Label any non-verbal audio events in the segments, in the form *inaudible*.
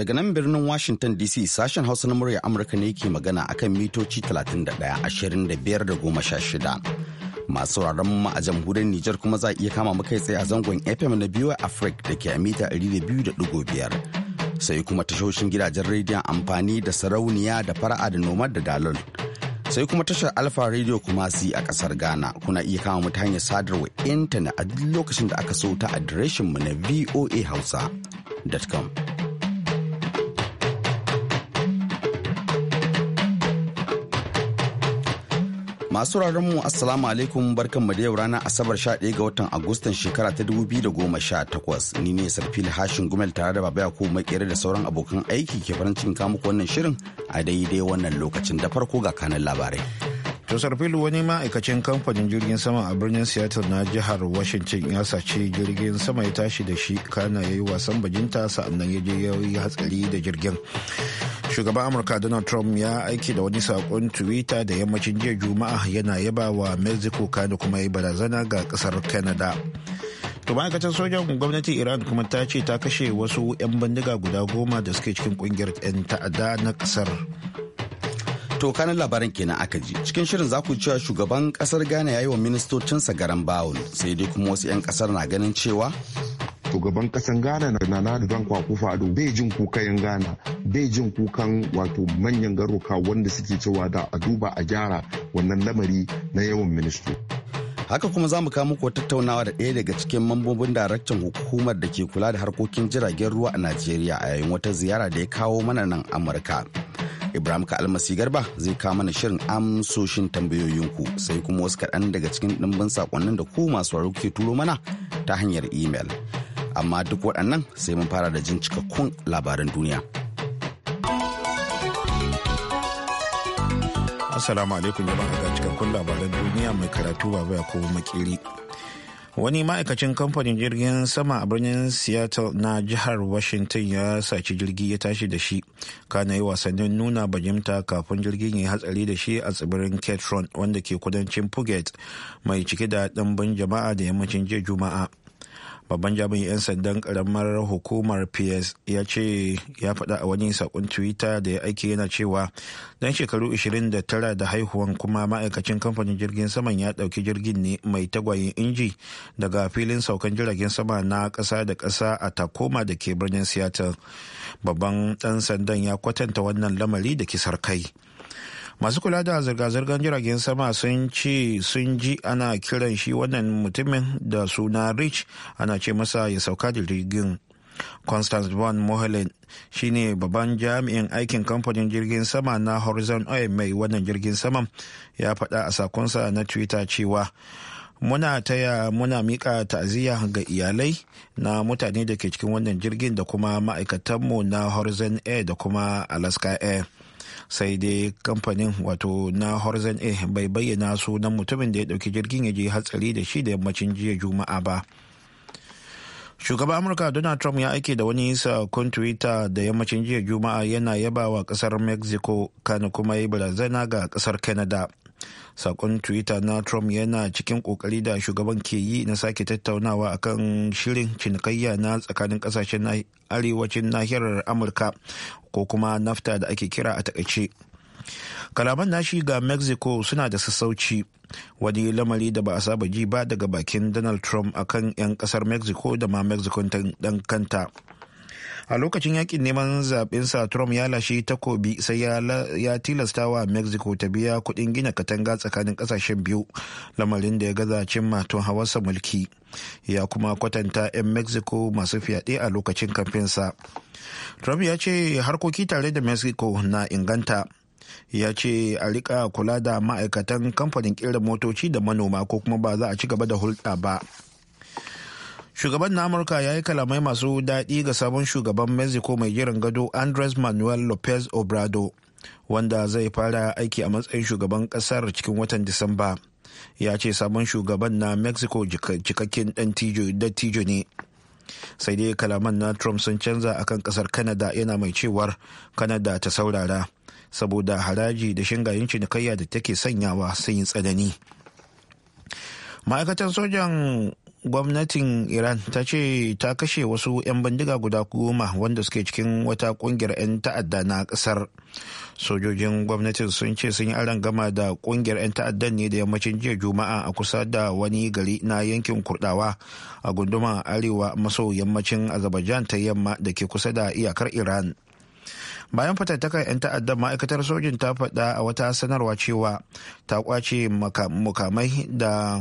Daga nan birnin Washington DC sashen Hausa na murya Amurka ne ke magana akan mitoci 31 25 da 16. masu sauraron mu a jamhuriyar Nijar kuma za a iya kama mu kai tsaye a zangon FM na biyu Africa da ke a mita 200.5. Sai kuma tashoshin gidajen rediyon amfani da sarauniya da fara'a da nomad da dalol. Sai kuma tashar Alfa Radio kuma si a kasar Ghana kuna iya kama mu ta hanyar sadarwa intanet a duk lokacin da aka so ta adireshin mu na voahausa.com. Masu mu Assalamu alaikum barkan mu da yau ranar Asabar 11 ga watan Agustan shekara ta 2018. Ni ne Sarfil Hashin Gumel tare da Baba Yakubu Makere da sauran abokan aiki ke farin cikin kamuku wannan shirin a daidai wannan lokacin da farko ga kanan labarai. To sarfil wani ma'aikacin kamfanin jirgin sama a birnin Seattle na jihar Washington ya sace jirgin sama ya tashi da shi kana yayi wasan bajinta sa'annan ya je ya yi hatsari da jirgin. shugaban amurka donald trump ya aiki da wani sakon twitter da yammacin jiya juma'a yana yaba wa mexico kada kuma ya barazana ga kasar canada to ma'aikatar sojan gwamnatin iran kuma ta ce ta kashe wasu 'yan bindiga guda goma da suke cikin kungiyar 'yan ta'adda na kasar to kanan labaran kenan aka ji cikin shirin za ku cewa shugaban kasar ghana ya yi wa ministocinsa garan bawul sai dai kuma wasu 'yan kasar na ganin cewa shugaban kasan ghana na nana da kwakufa ado bai jin kukan ghana bai jin kukan wato manyan garuka wanda suke cewa da a duba a gyara wannan lamari na yawan ministo haka kuma za mu kawo muku tattaunawa da ɗaya daga cikin mambobin daraktan hukumar da ke kula da harkokin jiragen ruwa a najeriya a yayin wata ziyara da ya kawo mana nan amurka ibrahim kalmasi garba zai kawo mana shirin amsoshin tambayoyinku sai kuma wasu kaɗan daga cikin ɗimbin saƙonnin da ku masu ke turo mana ta hanyar imel. amma duk waɗannan sai mun fara da jin cikakkun labaran duniya. Assalamu alaikum jama'a ga cikakkun labaran duniya mai karatu ba ya kuma makiri. Wani ma'aikacin kamfanin jirgin sama a birnin Seattle na jihar Washington ya saci jirgi ya tashi da shi, kana yi wasannin nuna bajimta kafin jirgin ya hatsari da shi a tsibirin Ketron wanda ke kudancin Puget mai cike da ɗimbin jama'a da yammacin jiya Juma'a. babban jami'in 'yan sandan karamar hukumar ps ya ce ya faɗa a wani sakon twitter da ya aiki yana cewa dan shekaru 29 da haihuwan kuma ma'aikacin kamfanin jirgin saman ya ɗauki jirgin ne mai tagwayin inji daga filin saukan jiragen sama na ƙasa da ƙasa a takoma da ke birnin seattle babban ɗan sandan ya kwatanta wannan lamari da kisar kai masu kula da zirga-zirgar jiragen sama sun ce sun ji ana kiran shi wannan mutumin da suna rich ana ce masa ya sauka da jirgin constance von mohelin shine babban jami'in aikin kamfanin jirgin sama na horizon oil mai wannan jirgin sama ya faɗa a sakonsa na twitter cewa muna taya muna mika ta'aziyya ga iyalai na mutane da ke cikin wannan jirgin da kuma ma'aikatanmu na horizon air da kuma alaska air sai dai kamfanin wato na horizon a bai bayyana sunan mutumin da ya dauki jirgin ya je hatsari da shi da yammacin jiya juma'a ba shugaban amurka donald trump ya aike da wani sakon twitter da yammacin jiya juma'a yana yabawa wa kasar mexico kana kuma yi barazana ga kasar canada sakon twitter na trump yana cikin kokari da shugaban ke yi na sake tattaunawa akan shirin cinikayya na tsakanin kasashen arewacin nahiyar amurka ko kuma nafta da ake kira a takaice kalaman nashi ga mexico suna da sassauci wani lamari da ba a saba ji ba daga bakin donald trump akan 'yan kasar mexico da ma mexico dan kanta a lokacin yakin neman sa trump ya lashe takobi sai ya tilasta wa mexico ta biya kuɗin gina katanga tsakanin ƙasashen biyu lamarin da ya gaza cin tun hawarsa mulki ya kuma kwatanta 'yan mexico masu fyaɗe a lokacin kamfinsa trump ya ce harkoki tare da mexico na inganta ya ce a rika kula da ma'aikatan kamfanin ƙera motoci da manoma ko kuma ba za a ci gaba da hulɗa ba. shugaban na amurka ya yi kalamai masu daɗi ga sabon shugaban mexico mai jiran gado andres manuel lopez obrado wanda zai fara aiki a matsayin shugaban ƙasar cikin watan disamba ya ce sabon shugaban na mexico cikakken dattijo ne sai dai kalaman na trump sun canza akan kasar canada yana mai cewar canada ta saurara saboda haraji da shingayen cinikayya da take sanyawa sun yi tsanani ma'aikatan sojan gwamnatin iran ta ce ta kashe wasu 'yan bindiga guda goma wanda suke cikin wata kungiyar 'yan ta'adda na kasar sojojin gwamnatin sun ce sun yi aron gama da kungiyar 'yan ta'addan ne da yammacin jiya juma'a a kusa da wani gari na yankin kurdawa a gunduma arewa maso yammacin azerbaijan ta yamma da ke kusa da iyakar iran bayan fatattakar 'yan ta'addan ma'aikatar sojin ta faɗa a wata sanarwa cewa ta kwace mukamai da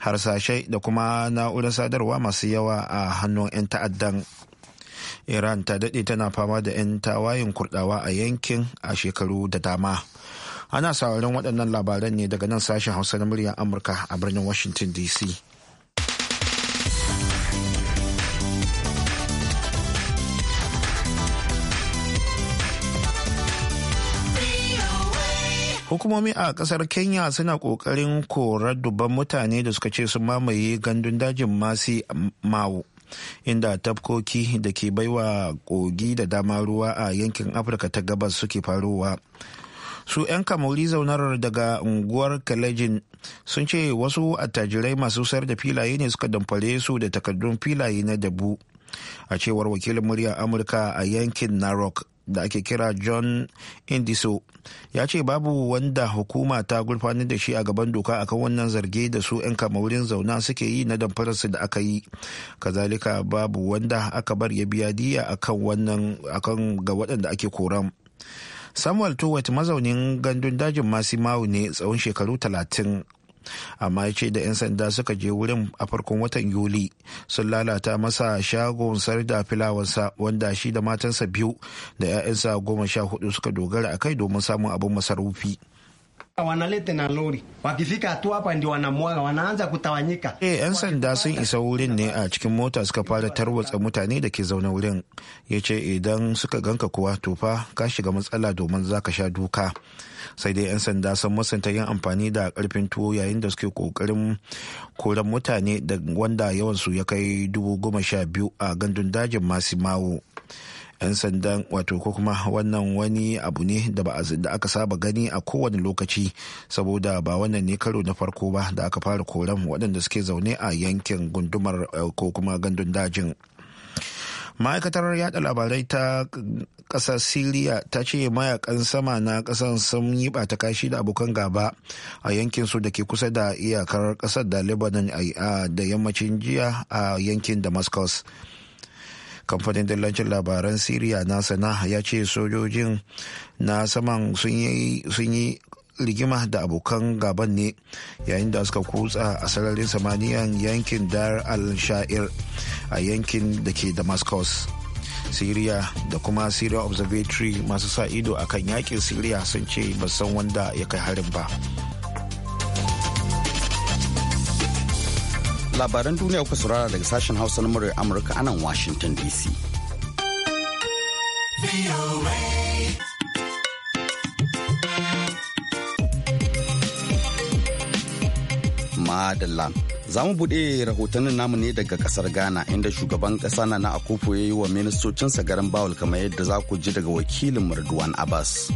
harsashai da kuma na'urar sadarwa masu yawa a hannun 'yan ta'addan iran ta daɗe tana fama da 'yan tawayin kurdawa a yankin a shekaru da dama ana sauraron waɗannan labaran ne daga nan sashen hausa na muryar amurka a birnin washington dc hukumomi a kasar kenya suna kokarin korar dubban mutane da suka ce sun mamaye gandun dajin masi mawu inda tafkoki da ke baiwa kogi da dama ruwa a yankin afirka ta gabas suke faruwa su 'yan kamuri zaunar daga unguwar kalejin sun ce wasu attajirai masu sayar da filaye ne suka damfare su da takardun filaye na dabu a cewar wakilin murya amurka a yankin narok da ake kira john indiso ya ce babu wanda hukuma ta gurfanar da shi a gaban doka akan wannan zarge da su 'yan kamaurin zauna suke yi na damfararsu da aka yi kazalika babu wanda aka bar ya biya diya akan wannan akan ga waɗanda ake koran samuel towet mazaunin gandun dajin masimau ne tsawon shekaru talatin amma ya ce da 'yan sanda suka je wurin a farkon watan yuli sun lalata masa shagon sarda filawansa wanda shi da matansa biyu da 'ya'yansa goma sha hudu suka dogara a kai domin samun abin masarufi eh, yan sanda sun isa wurin ne a cikin mota suka fara tarwatsa mutane da ke zaune wurin ya ce idan suka ganka kuwa tufa ka shiga matsala domin za ka sha duka sai dai 'yan sanda sun musanta yin amfani da karfin tuwo yayin da suke kokarin koran mutane da wanda su ya kai dubu goma sha biyu a gandun dajin masimawo 'yan sandan wato ko kuma wannan wani abu ne da aka saba gani a kowane lokaci saboda ba wannan ne karo na farko ba da aka fara koran waɗanda suke zaune a yankin gundumar eh, ko kuma gandun dajin ma'aikatar yada labarai ta kasar siriya ta ce mayakan sama na kasar sun yi bata kashi da abokan gaba a yankin su da ke kusa da iyakar kasar da lebanon da yammacin jiya a yankin damascus kamfanin dillancin labaran siriya na sana ya ce sojojin na saman sun yi rigima da abokan gaban ne yayin da suka kutsa a sararin samaniyan yankin dar al-sha'ir a yankin da ke damascus syria da kuma syria observatory masu sa ido a kan yakin syria sun ce ba san wanda ya kai harin ba labaran duniya kuka saurara daga sashen hausa na muryar amurka anan washington dc Madalla. Za mu buɗe rahotannin namu ne daga ƙasar Ghana inda shugaban ƙasa na na Akufo ya yi wa ministocinsa garin Bawul kamar yadda za ku ji daga wakilin Marduwan Abbas.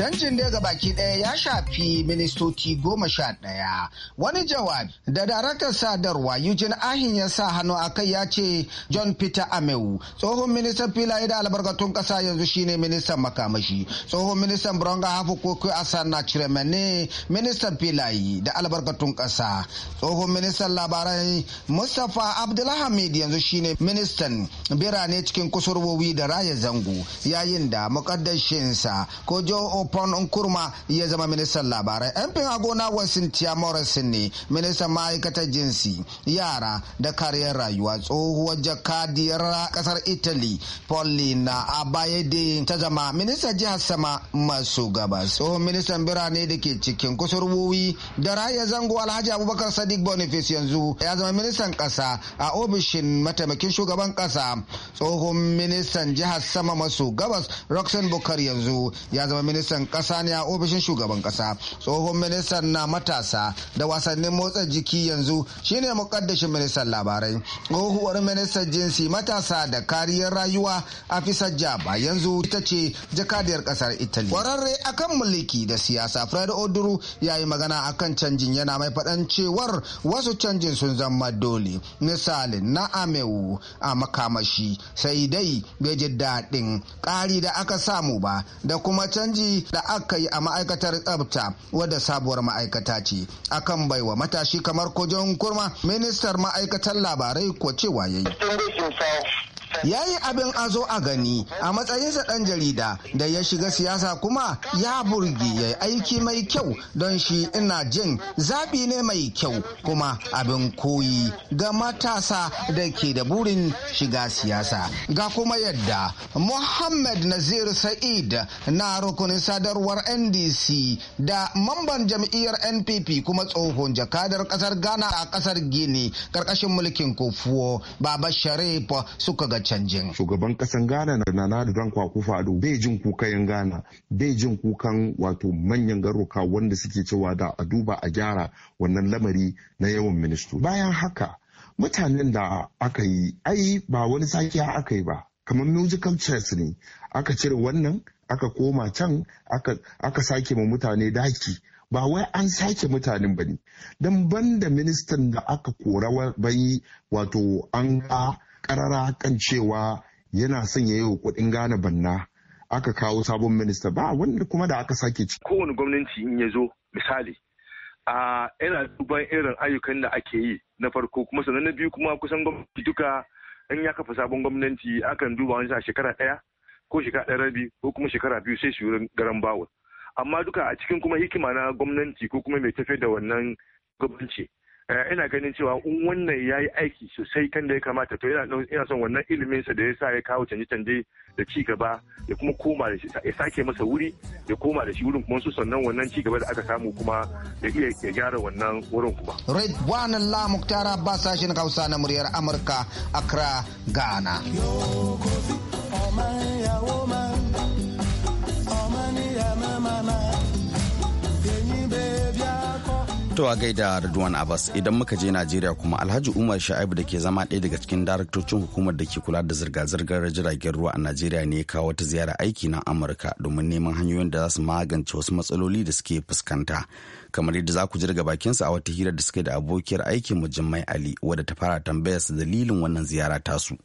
Canjin da ga baki ɗaya ya shafi ministoci goma sha ɗaya. Wani jawabi da daraktar sadarwa Eugene Ahin ya sa hannu a kai ya ce John Peter Amewu tsohon ministan filaye da albarkatun ƙasa yanzu shine ministan makamashi. Tsohon ministan Buronga Hafu Koko Asan na ne ministan filaye da albarkatun ƙasa. Tsohon ministan labarai Mustapha Abdulhamid yanzu shine ministan birane cikin kusurwowi da raya zango yayin da mukaddashinsa ko Joe Ofon Nkurma ya zama ministan labarai. Yan fin gona wasu Tia Morrison ne ministan ma'aikatar jinsi, yara da kariyar rayuwa tsohuwar jakadiyar kasar Italy Paulina Abayede ta zama ministan jihar sama masu gabas. Tsohon ministan birane da ke cikin kusurwowi da rayar zango Alhaji Abubakar Sadiq Boniface yanzu ya zama ministan kasa a ofishin mataimakin shugaban kasa tsohon ministan jihar sama maso gabas Roxanne Bukar yanzu ya zama ministan sakataren kasa ne a ofishin shugaban kasa tsohon ministan na matasa da wasannin motsa jiki yanzu shine mukaddashin ministan labarai tsohuwar ministan jinsi matasa da kariyar rayuwa a fisar jaba yanzu ita ce jakadiyar kasar italy kwararre akan mulki da siyasa fred oduru ya yi magana akan canjin yana mai faɗan cewar wasu canjin sun zama dole misali na amewu a makamashi sai dai bai ji daɗin ƙari da aka samu ba da kuma canji da aka yi a ma'aikatar tsabta wadda sabuwar ma'aikata ce akan baiwa matashi kamar kojon kurma ministar ma'aikatar labarai ko cewa ya yi. ya yi abin azo a gani a matsayinsa ɗan jarida da ya shiga siyasa kuma ya burge ya yi aiki mai kyau don shi ina jin zaɓi ne mai kyau kuma abin koyi ga matasa da ke da burin shiga siyasa ga kuma yadda muhammad nazir sa'id na rukunin sadarwar ndc da mamban jam'iyyar npp kuma tsohon jakadar kasar ghana a kasar gini karkashin mulkin kofuwo baba sharif suka gaci canjin. Shugaban kasan Ghana na Nana Dankwa Kwakufa Addo bai jin kukan Ghana, bai jin kukan wato manyan garuka wanda suke cewa da a duba a gyara wannan lamari na yawan ministo. Bayan haka mutanen da aka yi ai ba wani sake aka yi ba kamar musical chairs ne aka cire wannan aka koma can aka sake ma mutane daki ba wai an sake mutanen ba ne don banda ministan da aka kora bai wato an ga karara kan cewa yana son ya yi wa kudin gane banna aka kawo sabon minista ba wanda kuma da aka sake ci. Kowane gwamnati in ya zo misali a yana duban irin ayyukan da ake yi na farko kuma sannan na biyu kuma kusan gwamnati duka in ya kafa sabon gwamnati akan duba wani a shekara ɗaya ko shekara ɗaya rabi ko kuma shekara biyu sai su yi garan bawul. Amma duka a cikin kuma hikima na gwamnati ko kuma mai tafiya da wannan gwamnati Eh, ina ganin cewa in wannan ya yi aiki sosai kan da ya kamata to yana son wannan ilimin sa da ya sa ya kawo canje-canje da ci gaba ya kuma koma da shi ya sake masa wuri ya koma da shi wurin kuma su sannan wannan ci gaba da aka samu kuma ya iya ya gyara wannan wurin kuma. Red Wanan La Muktar ba sashen Hausa na muryar Amurka Accra Ghana. Yo, To a gaida raduwan Abbas idan muka je Najeriya kuma Alhaji Umar Sha'ibu da ke zama ɗaya daga cikin daraktocin hukumar da ke kula da zirga-zirgar jiragen ruwa a Najeriya ne ya kawo wata ziyara aiki na Amurka domin neman hanyoyin da za su magance wasu matsaloli da suke fuskanta. Kamar yadda za ku ji daga bakinsa a wata hira da suke da abokiyar aikin mu Jummai Ali wadda ta fara tambayar dalilin wannan ziyara tasu.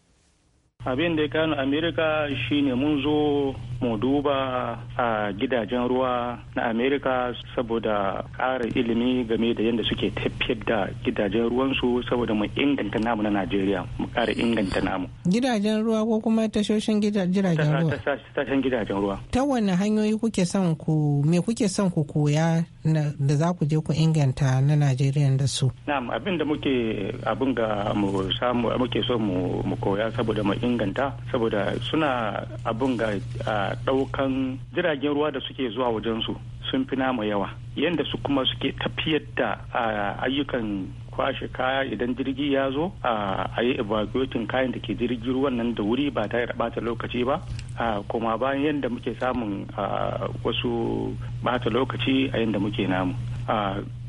abin da ya kano amerika shine mun zo mu duba a gidajen ruwa na amerika saboda ƙara ilimi game da yadda suke tafiyar da gidajen ruwansu saboda mu inganta namu na najeriya mu ƙara inganta namu gidajen ruwa ko kuma tashoshin jiragen ruwa tashoshin gidajen ruwa ta wanne hanyoyi kuke son ku me kuke son ku koya da za ku je ku inganta na najeriya da su na'am abin da muke abin ga mu samu muke so mu koya saboda mu inganta saboda suna abin ga ɗaukan jiragen ruwa da suke zuwa wajensu sun fi nama yawa yadda su kuma suke tafiyar da ayyukan kwashe kaya idan jirgi ya zo a yi evacuating kayan da ke jirgin ruwan nan da wuri ba ta da bata lokaci ba kuma bayan yadda muke samun wasu bata lokaci a yadda muke namu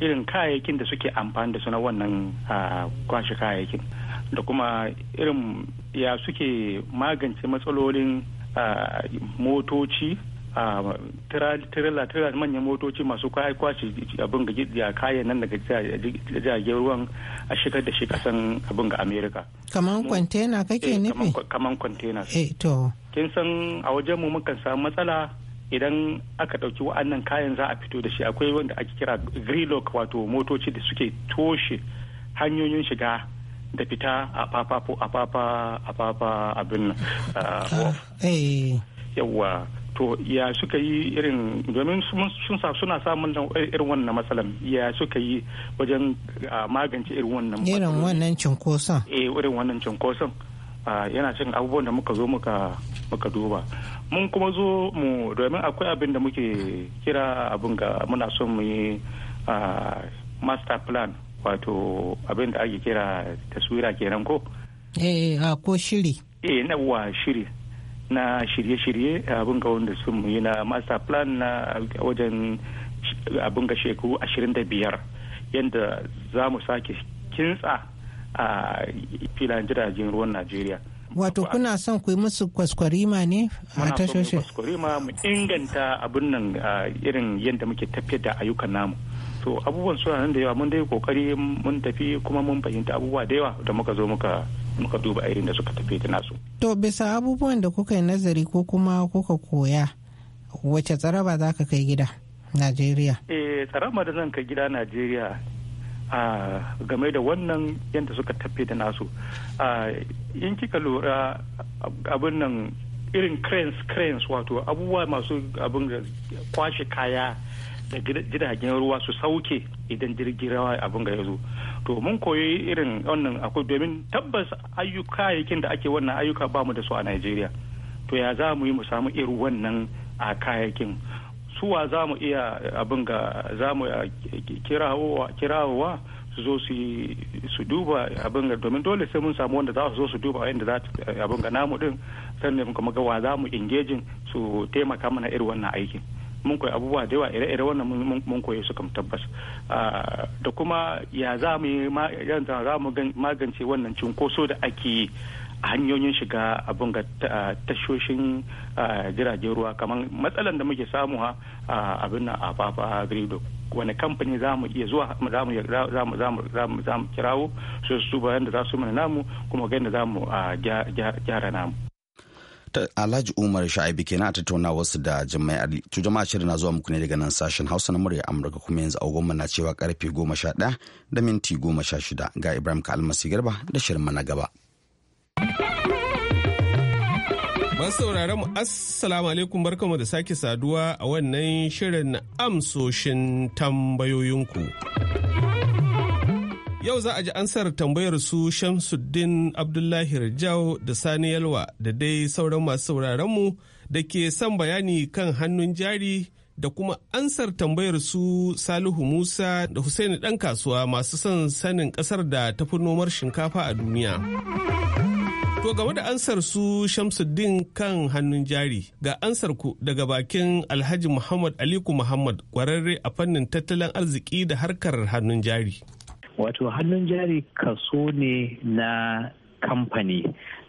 irin kayayyakin da suke amfani da su na wannan kwashe kayayyakin da kuma irin ya suke magance matsalolin motoci tirala manyan motoci masu kwashe abin ga kayan nan daga jiragen ruwan a shigar da shi kasan abin ga amerika kaman kwantena kake eh, nufi kaman kwantena eh to kin san a wajen mu mukan samu matsala idan aka ɗauki wa'annan kayan za a fito da shi akwai wanda ake kira greenlock wato motoci da suke toshe hanyoyin shiga da fita a papa a papa a papa abin *laughs* ah, eh. yawwa to ya suka yi irin domin sun suna samun eh, irin wannan matsalan ya suka yi wajen ah, magance irin wannan irin wannan cinkoson eh irin wannan cinkoson ah, yana cin abubuwan da muka zo muka muka duba mun kuma zo mu domin akwai abin da muke kira abin ga muna son mu yi master plan wato abin da ake kira taswira kenan ko eh a ah, ko shiri eh na wa shiri na shirye-shirye abin ga wanda sun yi na master plan na wajen abin ga shekaru 25 yadda za mu sake kintsa a filan jiragen ruwan najeriya wato kuna son ku yi musu kwaskwarima ne a tashoshin kwaskwarima mu inganta abin nan ah, irin yadda muke tafiyar da ayyukan namu to abubuwan suna nan da yawa mun dai kokari mun tafi kuma mun fahimta abubuwa da yawa da muka zo muka muka duba irin da suka tafi da nasu to bisa abubuwan da kuka yi nazari ko kuma kuka koya wace tsaraba za ka kai gida najeriya eh tsaraba da zan kai gida najeriya a game da wannan yadda suka tafi da nasu a in kika lura abin nan irin cranes cranes wato abubuwa masu abin kwashe kaya da jiragen ruwa su sauke idan jirgin rawa abin ga ya zo to mun koyi irin wannan akwai domin tabbas ayyuka yakin da ake wannan ayyuka ba mu da su a Najeriya to ya za mu yi mu samu irin wannan a kayakin suwa za mu iya abin ga za mu kirawowa su zo su duba abin ga domin dole sai mun samu wanda za su zo su duba inda za su abin ga namu din sannan kuma ga wa za mu engaging su taimaka mana irin wannan aikin mun koyi abubuwa da yawa ire-ire wannan mun koyi su kam tabbas ah, da kuma ya za mu magance wannan cunkoso da ake yi a hanyoyin shiga abin ga tashoshin ah, jiragen ruwa kamar matsalan da muke samu ah, a abin na a fafa grido wani kamfani za mu iya zuwa za mu kirawo su su bayan da za su mana namu kuma ga yadda za mu gyara namu Alhaji Umar Sha'ibi kenan a tattauna wasu da Jummai Ali. To jama'a shirin na zuwa muku ne daga nan sashen Hausa na murya Amurka kuma yanzu agogon na cewa karfe ɗaya da minti 16 ga Ibrahim Kalmasi Garba da shirin na gaba. Ban sauraron mu assalamu alaikum barkamu da sake saduwa a wannan shirin amsoshin tambayoyinku. Yau za a ji ansar tambayar su Shamsuddin Abdullahi Rajau da Sani Yalwa da dai sauran masu sauraronmu da ke son bayani kan hannun jari da kuma ansar tambayar su Salihu Musa da Hussaini ɗan kasuwa masu son sanin ƙasar da ta fi nomar shinkafa a duniya. To game da ansar su Shamsuddin kan hannun jari ga ansar ku daga bakin Alhaji Muhammad Aliku Muhammad kwararre a fannin tattalin arziki da harkar hannun jari. wato hannun jari kaso ne na kamfani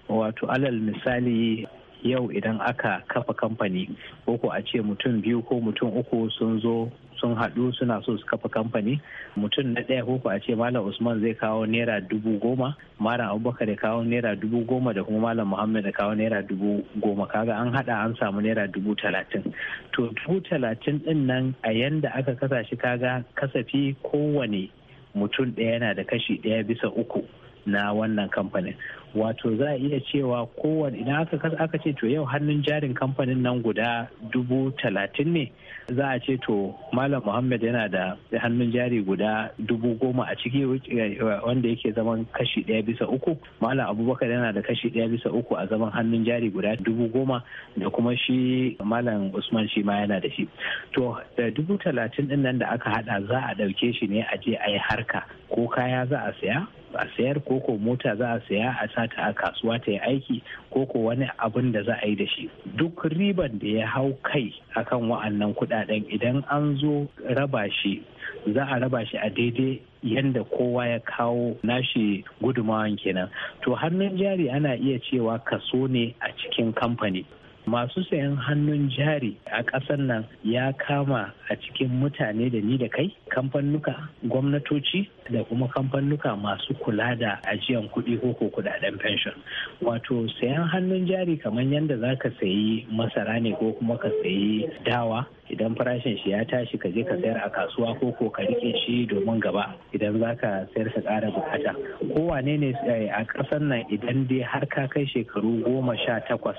wato alal misali yau idan aka kafa kamfani ko a ce mutum biyu ko mutum uku sun zo sun haɗu suna so su kafa kamfani mutum na ɗaya koko a ce malam usman zai kawo naira dubu goma malam abubakar ya kawo naira dubu goma da kuma malam muhammad ya kawo naira dubu goma kaga an haɗa an samu naira dubu talatin to dubu talatin ɗin nan a yanda aka kasa shi kaga kasafi kowane mutum ɗaya yana da kashi ɗaya bisa uku na wannan kamfanin wato za a iya cewa kowane idan aka ce to yau hannun jarin kamfanin nan guda dubu talatin ne za a ce to malam muhammad yana da hannun jari guda dubu goma a ciki eh, eh, wanda yake zaman kashi ɗaya bisa uku malam abubakar yana da kashi ɗaya bisa uku a zaman hannun jari guda dubu goma da kuma shi malam usman shi ma yana da shi to da dubu talatin din nan da aka hada za a ɗauke shi ne a je a yi harka ko kaya za a saya a sayar ko ko mota za a saya a sata a kasuwa ta yi aiki ko ko wani abin da za a yi da shi duk riban da ya hau kai akan wa'annan kudaden idan an zo raba shi za a raba shi a daidai yanda kowa ya kawo nashi gudumawan kenan to hannun jari ana iya cewa kaso ne a cikin kamfani masu sayan hannun jari a ƙasar nan ya kama a cikin mutane da ni da kai kamfanuka gwamnatoci da kuma kamfanuka masu kula da ajiyan kuɗi ko ko kudaden pension wato sayan hannun jari kamar yadda za ka sayi masara ne ko kuma ka sayi dawa idan farashin shi ya tashi ka je ka sayar a kasuwa ko ko ka rike shi domin gaba idan za ka sayar ka ƙara bukata kowane ne eh, a ƙasar nan idan dai har ka kai shekaru goma sha takwas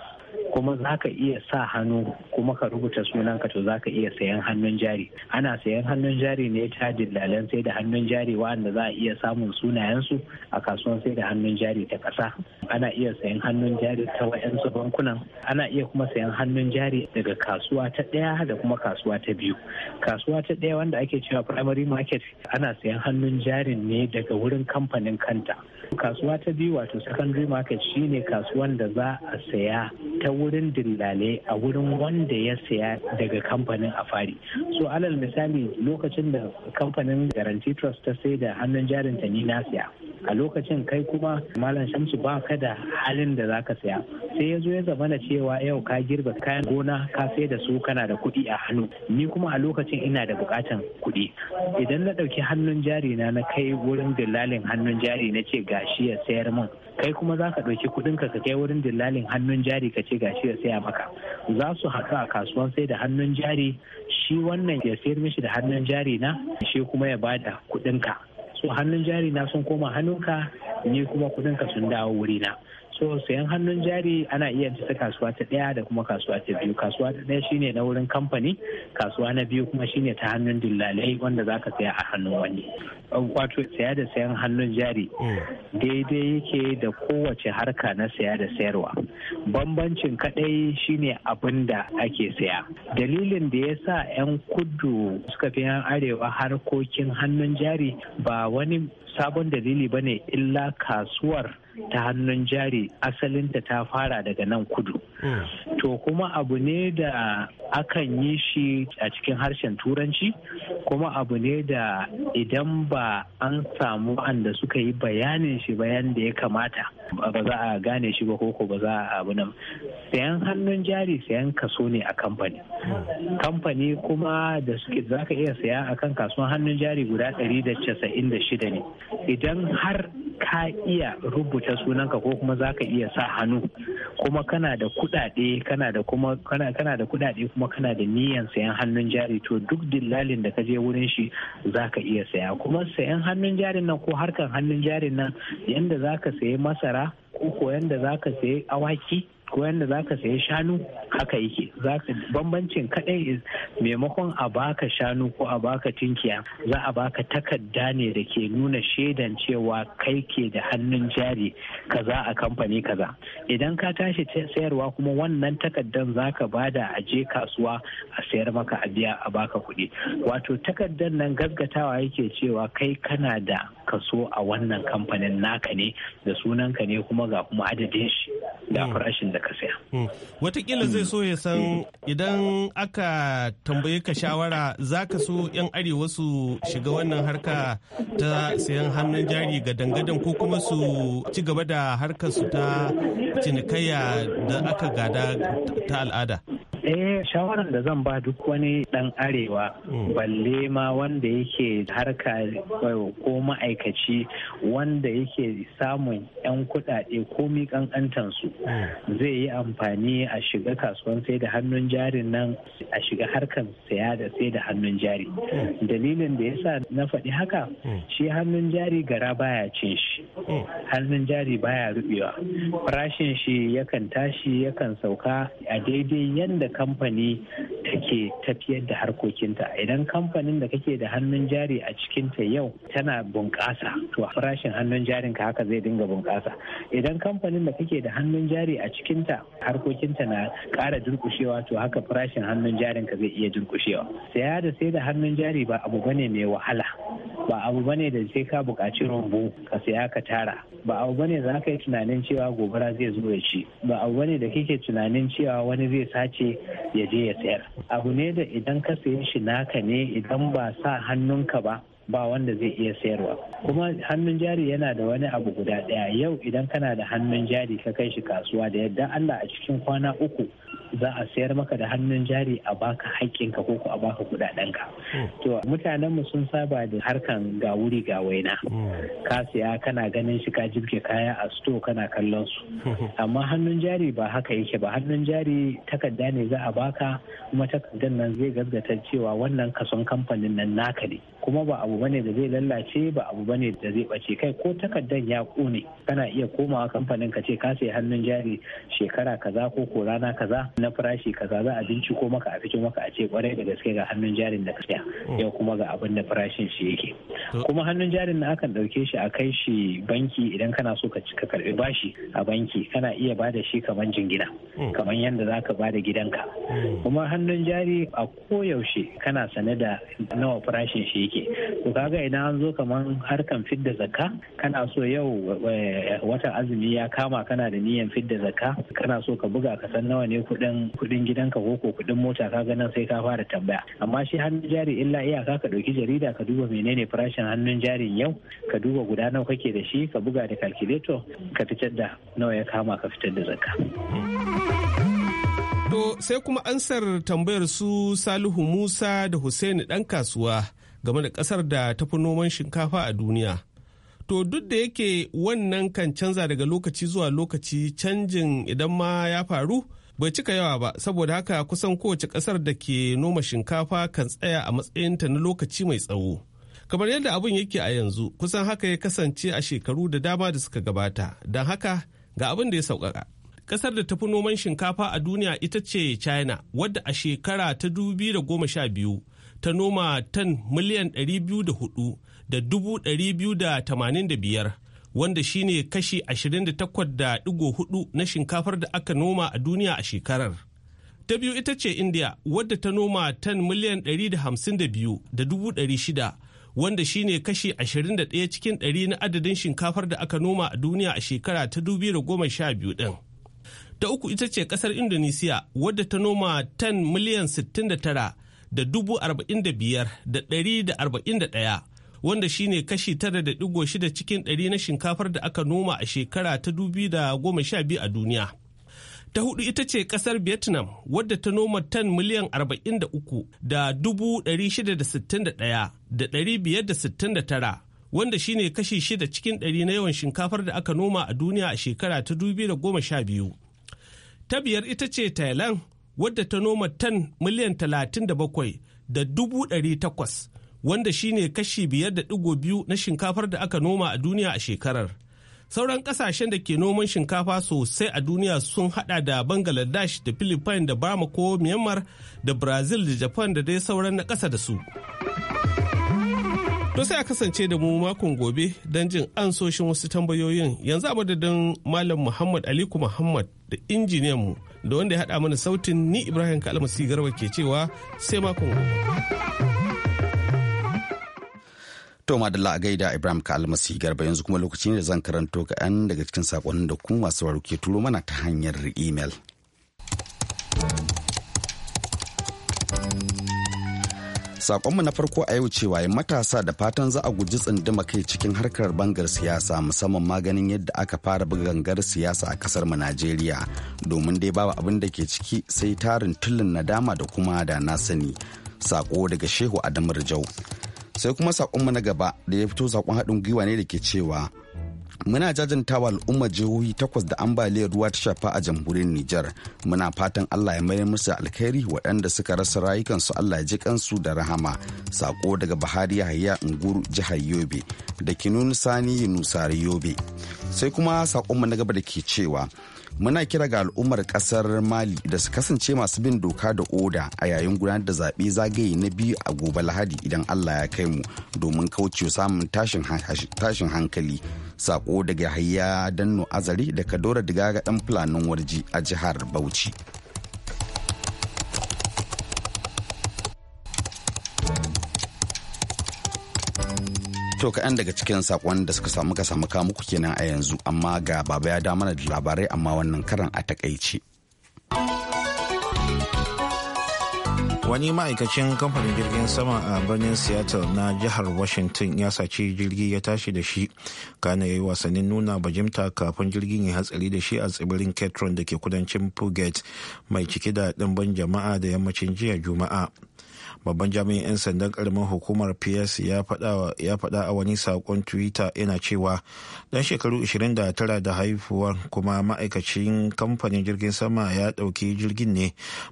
kuma za ka iya sa hannu kuma ka rubuta sunanka to za ka iya sayan hannun jari ana sayan hannun jari ne ta dillalan sai da hannun jari wanda za a iya samun sunayensu a kasuwan sai da hannun jari ta ƙasa ana iya sayan hannun jari ta wayansu bankunan ana iya kuma sayan hannun jari daga kasuwa ta ɗaya da kuma kasuwa ta biyu kasuwa ta ɗaya wanda ake cewa primary market ana sayan hannun jari ne daga wurin kamfanin kanta kasuwa ta biyu wato secondary market shine kasuwan da za a saya ta wurin dillale a wurin wanda ya saya daga kamfanin a fari so alal misali lokacin da kamfanin garanti trust ta sai da hannun jarin ta ni na saya. a lokacin kai kuma malam shamsu ba ka da halin da zaka saya sai ya zo ya zamana cewa yau ka girba kayan gona ka sai da su kana da kuɗi a hannu ni kuma a lokacin ina da bukatan kuɗi idan na ɗauki hannun jari na na kai wurin dillalin hannun jari na ce gashi ya sayar min kai kuma za ka ɗauki kuɗinka ka kai wurin dillalin hannun jari ka ce gashi ya saya maka za su haɗu a kasuwan sai da hannun jari shi wannan ya sayar mishi da hannun jari na shi kuma ya bada kuɗinka so hannun jari na sun koma hannunka ni kuma kudinka sun dawo wurina so sayan hannun jari ana iya ta kasuwa ta ɗaya da kuma kasuwa ta biyu kasuwa ta ɗaya shine na wurin kamfani kasuwa na biyu kuma shine ta hannun dillalai wanda za ka saya a hannun wani wato saya da sayan hannun jari daidai yake da kowace harka na saya da sayarwa bambancin kaɗai shine abin da ake saya dalilin da ya sa 'yan kudu suka fi yan arewa harkokin hannun jari ba wani sabon dalili bane illa kasuwar ta hannun jari asalinta ta fara daga nan kudu hmm. to kuma abu ne da akan yi shi a cikin harshen turanci kuma abu ne da idan ba an samu wanda suka yi bayanin shi bayan da ya kamata ba za a gane shi ba ko ba za a abu nan sayan hannun jari sayan kaso ne a kamfani hmm. kamfani kuma da suke za ka iya saya akan kasuwan hannun jari guda 196 ne idan har ka iya rubuta sunanka ko kuma za ka iya sa hannu kuma kana da kudade kana da kuma kana da kuɗaɗe kuma kana da niyan sayan hannun jari to duk dillalin da ka je wurin shi za ka iya saya kuma sayan hannun jarin nan ko harkan hannun jarin nan yanda za ka sayi masara ko ko yanda za ka sayi awaki ko yadda za ka sayi shanu haka yake za ka bambancin kadai maimakon a baka shanu ko a baka tinkiya za a baka takarda ne da ke nuna shaidan cewa kai ke da hannun jari kaza a kamfani kaza idan ka tashi sayarwa kuma wannan takardan za ka bada a je kasuwa a sayar maka a biya a baka kuɗi wato takardan nan gaggatawa yake cewa kai kana da kaso a wannan kamfanin naka ne da sunanka ne kuma ga kuma adadin shi da hmm. farashin da ka saya. Hmm. Watakila zai so ya san idan aka tambaye ka shawara za ka so 'yan arewa su shiga wannan harka ta sayan hannun jari ga dangadan ko kuma su ci gaba da harkar su ta cinikayya da aka gada ta al'ada. eh shawaran da zan ba duk wani dan arewa mm. balle ma wanda yake harka eh, ko ma'aikaci wanda yake samun 'yan kudade ko su mm. zai yi amfani a shiga kasuwan sai da hannun jari nan a shiga harkar saya da sai da hannun jari mm. dalilin da yasa na faɗi haka shi hannun jari gara baya cin shi hannun jari baya rubewa farashin shi yakan tashi yakan sauka a daidai yadda kamfani take tafiyar da harkokinta idan kamfanin da kake da hannun jari a cikinta yau tana bunƙasa to farashin hannun jarin ka haka zai dinga bunƙasa idan kamfanin da kake da hannun jari a cikinta harkokinta na ƙara durƙushewa to haka farashin hannun jarin ka zai iya durƙushewa saya da sai da hannun jari ba abu bane mai wahala ba abu bane da sai ka buƙaci rumbu ka saya ka tara ba abu bane za ka yi tunanin cewa gobara zai zo ya ci ba abu bane da kake tunanin cewa wani zai sace ya je ya sayar a abu ne da idan ka sayi shi naka ne idan ba sa hannunka ba ba wanda zai iya sayarwa kuma hannun jari yana da wani abu guda daya yau idan kana da hannun jari ka kai shi kasuwa da yadda allah a cikin kwana uku za a sayar maka da hannun jari a baka haƙƙinka ko ko a baka kuɗaɗenka. Hmm. To mutanen mu sun saba da harkan ga wuri ga waina. Hmm. Ka siya kana ganin shi ka jibge kaya a sto kana kallon su. Hmm. Amma hannun jari ba haka yake ba hannun jari takarda ne za a baka kuma takardar nan zai gasgata cewa wannan kason kamfanin nan naka ne. kuma ba abu bane da zai lallace ba abu bane da zai bace kai ko takardar ya kone kana iya komawa kamfanin ka ce ka sai hannun jari shekara kaza ko ko rana kaza na farashi kaza za a binciko maka a fito maka a ce kwarai da gaske ga hannun jarin da ka saya mm. yau kuma ga abin da farashin shi yake kuma hannun jarin na akan dauke shi a kai shi banki idan kana so ka ka karbi bashi a banki kana iya bada shi kamar jingina mm. kamar yadda za ka ba da gidanka mm. kuma hannun jari a koyaushe kana sane da nawa farashin shi yake to kaga idan an zo kaman harkan fidda zakka kana so yau eh, watan azumi ya kama kana da niyan fidda zakka kana so ka buga ka san nawa ne kudin kudin gidanka ko ko kudin mota kaga nan sai ka fara tambaya amma shi hannun jari illa iyaka ka dauki jarida ka duba menene farashin hannun jari yau ka duba guda nawa kake da shi ka buga da calculator ka fitar da nawa ya kama ka fitar da zakka To sai kuma ansar tambayar su Salihu Musa da Hussein ɗan kasuwa game da ƙasar da ta fi noman shinkafa a duniya. To duk da yake wannan kan canza daga lokaci zuwa lokaci canjin idan ma ya faru bai cika yawa ba saboda haka kusan kowace ƙasar da ke noma shinkafa kan tsaya a matsayinta na lokaci mai tsawo. Kamar yadda abin yake a yanzu kusan haka ya kasance a shekaru da dama da suka gabata don haka ga abin da ya sauƙaƙa. Ƙasar da tafi noman shinkafa a duniya ita ce China wadda a shekara ta dubi da goma sha biyu. ta noma tan miliyan 204 da 285 wanda shine kashi 28.4 na shinkafar da aka noma a duniya a shekarar. Ta biyu ita ce India wadda ta noma tan miliyan da shida wanda shine kashi 21 cikin 100 na adadin shinkafar da aka noma a duniya a shekara ta 2012 din. Ta uku ita ce kasar Indonesia wadda ta noma tan miliyan 69 da dubu arba'in da biyar da ɗari da arba'in da ɗaya wanda shine kashi tara da digo shida cikin ɗari na shinkafar da aka noma a shekara ta dubi da goma sha biyu a duniya. Ta hudu ita ce kasar Vietnam wadda ta noma tan miliyan arba'in da uku da dubu ɗari shida da sittin da ɗaya da ɗari biyar da sittin da tara wanda shine kashi shida cikin ɗari na yawan shinkafar da aka noma a duniya a shekara ta dubi da goma sha biyu. Ta biyar ita ce Thailand wadda ta noma tan miliyan 37 da dubu takwas wanda shine kashi biyar da digo biyu na shinkafar da aka noma a duniya a shekarar. Sauran kasashen da ke noman shinkafa sosai a duniya sun hada da Bangladesh da Philippines da ko Myanmar da Brazil da Japan da dai sauran na ƙasa da su. To sai a kasance da mu makon gobe don jin ansoshin wasu tambayoyin yanzu a madadin Malam Muhammad Aliku Muhammad da injiniyanmu da wanda ya haɗa mana sautin ni Ibrahim Kalmasi Garba ke cewa sai makon gobe. To Madalla a gaida Ibrahim ka almasi garba yanzu kuma lokaci ne da zan karanto ka daga cikin sakonnin da ku masu ke turo mana ta hanyar imel. Sakonmu na farko a yau cewa matasa da fatan za a guji tsunduma kai cikin harkar bangar siyasa musamman maganin yadda aka fara buga gangar siyasa a kasar mu Najeriya domin dai babu abin da ke ciki sai tarin tullin nadama da kuma da na sani. Sako daga Shehu Adamu Rijau. Sai kuma sakonmu na gaba da ya fito sakon haɗin gwiwa ne da ke cewa muna jajantawa al'ummar jihohi takwas da ambaliyar ruwa ta shafa a jamhuriyar Nijar. Muna fatan Allah ya mayar musu alkhairi waɗanda suka rasa rayukansu Allah ya ji kansu da rahama. Sako daga Bahari Yahaya Nguru jihar Yobe da Kinun Sani Nusari Yobe. Sai kuma sakonmu na gaba da ke cewa muna kira ga al'ummar kasar mali da su kasance masu bin doka da oda a yayin gudanar da zaɓe zagaye na biyu a gobe lahadi idan allah ya kai mu domin kauce samun tashin hankali sako daga hayya danno azari da kadora diga ga dan fulanin warji a jihar bauchi To kaɗan daga cikin sakon da suka samu ka samu kamuku kenan a yanzu amma ga baba ya da da labarai amma wannan karan a takaice. wani ma'aikacin kamfanin jirgin sama a birnin seattle na jihar washington ya saci jirgi ya tashi da shi kana ya yi wasannin nuna bajimta kafin jirgin ya hatsari da shi a tsibirin ketron da ke kudancin puget mai cike da ɗimbin jama'a da yammacin jiya juma'a babban jami'in 'yan sandan karamin hukumar ps ya fada a wani saƙon twitter yana cewa dan shekaru 29 da haifuwar kuma ma'aikacin kamfanin jirgin sama ya ɗauki jirgin ne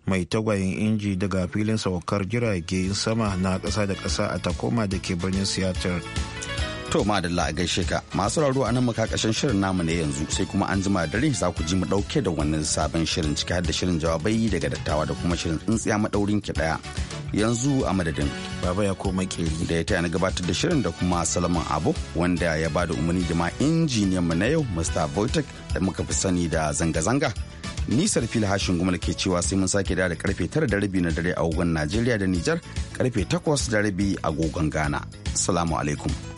mai tagwayen inji daga filin saukar jiragen sama na ƙasa da kasa a takoma da ke birnin siyatar. To madalla a gaishe ka masu raro a nan muka kashin shirin namu ne yanzu sai kuma an jima dare za ku ji mu dauke da wannan sabon shirin ciki har da shirin jawabai daga dattawa da kuma shirin tsintsiya madaurin ki daya yanzu a madadin baba ya koma kiri da ya taya na gabatar da shirin da kuma salman abu wanda ya bada umarni da ma injiniyan mu na yau mr voitek da muka fi sani da zanga-zanga nisar fil hashin goma da ke cewa sai mun sake da karfe tara da rabi na dare a agogon najeriya da nijar karfe 8:30 da rabi agogon ghana salamu alaikum